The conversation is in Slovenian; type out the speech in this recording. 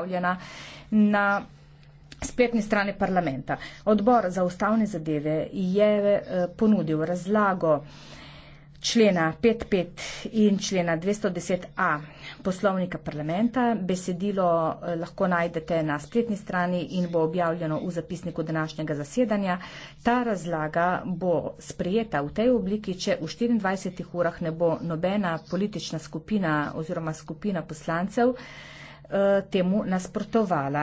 objavljena na spletni strani parlamenta. Odbor za ustavne zadeve je eh, ponudil razlago člena 5.5 in člena 210a poslovnika parlamenta. Besedilo eh, lahko najdete na spletni strani in bo objavljeno v zapisniku današnjega zasedanja. Ta razlaga bo sprijeta v tej obliki, če v 24 urah ne bo nobena politična skupina oziroma skupina poslancev Eh, temu nasprotovala